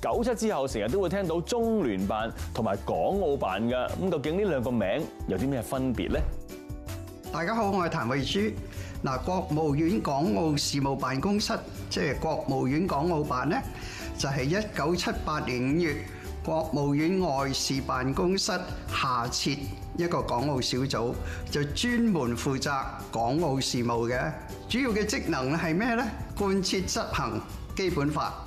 九七之後，成日都會聽到中聯辦同埋港澳辦嘅，咁究竟呢兩個名有啲咩分別呢？大家好，我係譚惠珠。嗱，國務院港澳事務辦公室，即係國務院港澳辦呢，就係一九七八年五月，國務院外事辦公室下設一個港澳小組，就專門負責港澳事務嘅。主要嘅職能係咩呢？貫徹執行基本法。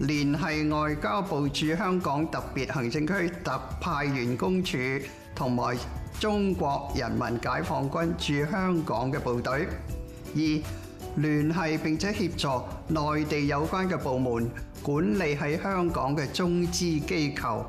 聯繫外交部駐香港特別行政區特派員公署同埋中國人民解放軍駐香港嘅部隊；二，聯繫並且協助內地有關嘅部門管理喺香港嘅中資機構，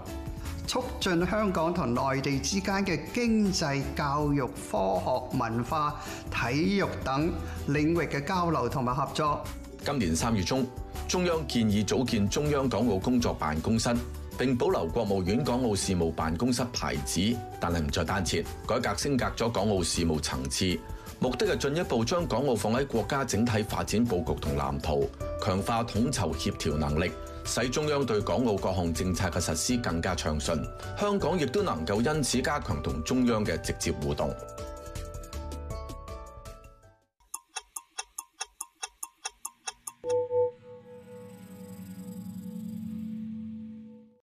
促進香港同內地之間嘅經濟、教育、科學、文化、體育等領域嘅交流同埋合作。今年三月中，中央建議組建中央港澳工作辦公室，並保留國務院港澳事務辦公室牌子，但係唔再單設，改革升格咗港澳事務層次，目的係進一步將港澳放喺國家整體發展佈局同藍圖，強化統籌協調能力，使中央對港澳各項政策嘅實施更加暢順，香港亦都能夠因此加強同中央嘅直接互動。